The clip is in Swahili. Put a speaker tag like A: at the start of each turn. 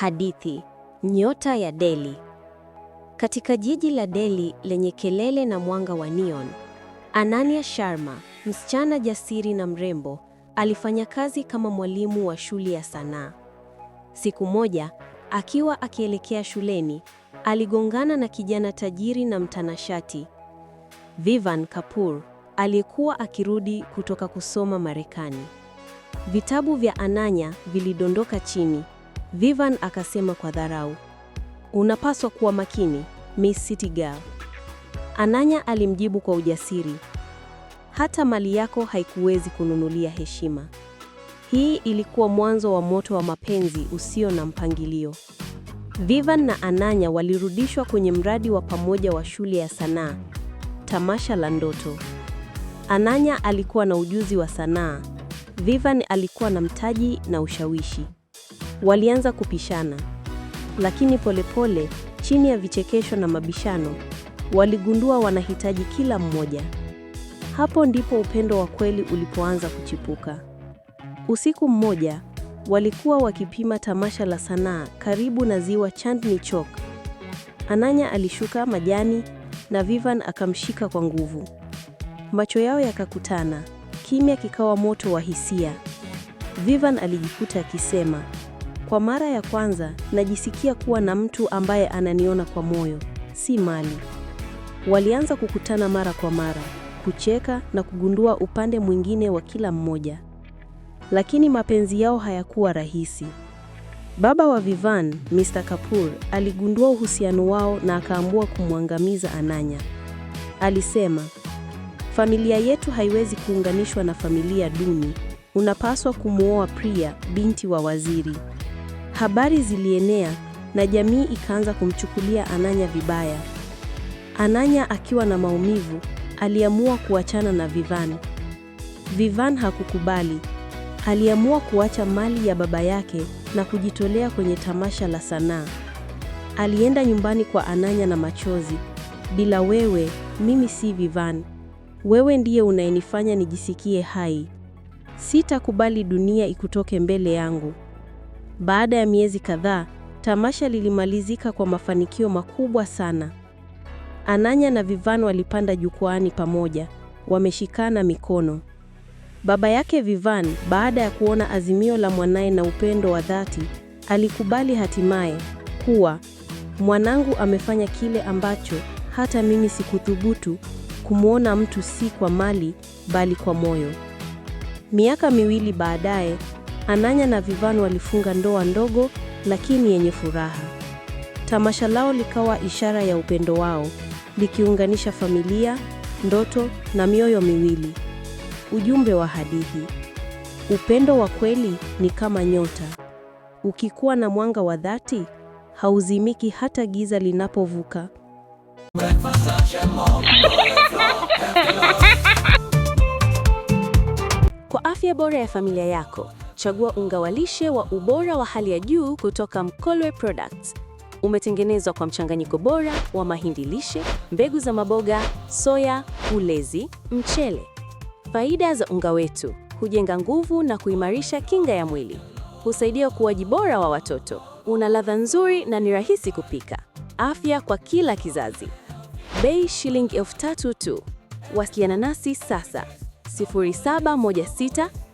A: Hadithi: nyota ya Delhi. Katika jiji la Delhi lenye kelele na mwanga wa neon, Ananya Sharma, msichana jasiri na mrembo, alifanya kazi kama mwalimu wa shule ya sanaa. Siku moja, akiwa akielekea shuleni, aligongana na kijana tajiri na mtanashati Vivan Kapoor aliyekuwa akirudi kutoka kusoma Marekani. Vitabu vya Ananya vilidondoka chini. Vivian akasema kwa dharau, unapaswa kuwa makini Miss City Girl. Ananya alimjibu kwa ujasiri, hata mali yako haikuwezi kununulia heshima. Hii ilikuwa mwanzo wa moto wa mapenzi usio na mpangilio. Vivian na Ananya walirudishwa kwenye mradi wa pamoja wa shule ya sanaa, tamasha la ndoto. Ananya alikuwa na ujuzi wa sanaa, Vivian alikuwa na mtaji na ushawishi. Walianza kupishana, lakini polepole, chini ya vichekesho na mabishano, waligundua wanahitaji kila mmoja. Hapo ndipo upendo wa kweli ulipoanza kuchipuka. Usiku mmoja, walikuwa wakipima tamasha la sanaa karibu na ziwa Chandni Chok. Ananya alishuka majani na Vivan akamshika kwa nguvu. Macho yao yakakutana, kimya kikawa moto wa hisia. Vivan alijikuta akisema, kwa mara ya kwanza najisikia kuwa na mtu ambaye ananiona kwa moyo, si mali. Walianza kukutana mara kwa mara, kucheka na kugundua upande mwingine wa kila mmoja. Lakini mapenzi yao hayakuwa rahisi. Baba wa Vivan, Mr. Kapoor, aligundua uhusiano wao na akaamua kumwangamiza Ananya. Alisema, familia yetu haiwezi kuunganishwa na familia duni. Unapaswa kumwoa Priya, binti wa waziri. Habari zilienea na jamii ikaanza kumchukulia Ananya vibaya. Ananya akiwa na maumivu, aliamua kuachana na Vivan. Vivan hakukubali. Aliamua kuacha mali ya baba yake na kujitolea kwenye tamasha la sanaa. Alienda nyumbani kwa Ananya na machozi. Bila wewe, mimi si Vivan. Wewe ndiye unayenifanya nijisikie hai. Sitakubali dunia ikutoke mbele yangu. Baada ya miezi kadhaa, tamasha lilimalizika kwa mafanikio makubwa sana. Ananya na Vivan walipanda jukwaani pamoja, wameshikana mikono. Baba yake Vivan, baada ya kuona azimio la mwanaye na upendo wa dhati, alikubali hatimaye kuwa mwanangu amefanya kile ambacho hata mimi sikuthubutu, kumwona mtu si kwa mali bali kwa moyo. Miaka miwili baadaye, Ananya na Vivan walifunga ndoa ndogo lakini yenye furaha. Tamasha lao likawa ishara ya upendo wao, likiunganisha familia, ndoto na mioyo miwili. Ujumbe wa hadithi: upendo wa kweli ni kama nyota, ukikuwa na mwanga wa dhati hauzimiki hata giza linapovuka.
B: Kwa afya bora ya familia yako chagua unga wa lishe wa ubora wa hali ya juu kutoka Mkolwe Products. Umetengenezwa kwa mchanganyiko bora wa mahindi lishe, mbegu za maboga, soya, ulezi, mchele. Faida za unga wetu: hujenga nguvu na kuimarisha kinga ya mwili, husaidia ukuaji bora wa watoto, una ladha nzuri na ni rahisi kupika, afya kwa kila kizazi. Bei shilingi elfu tatu tu. Wasiliana nasi sasa 0716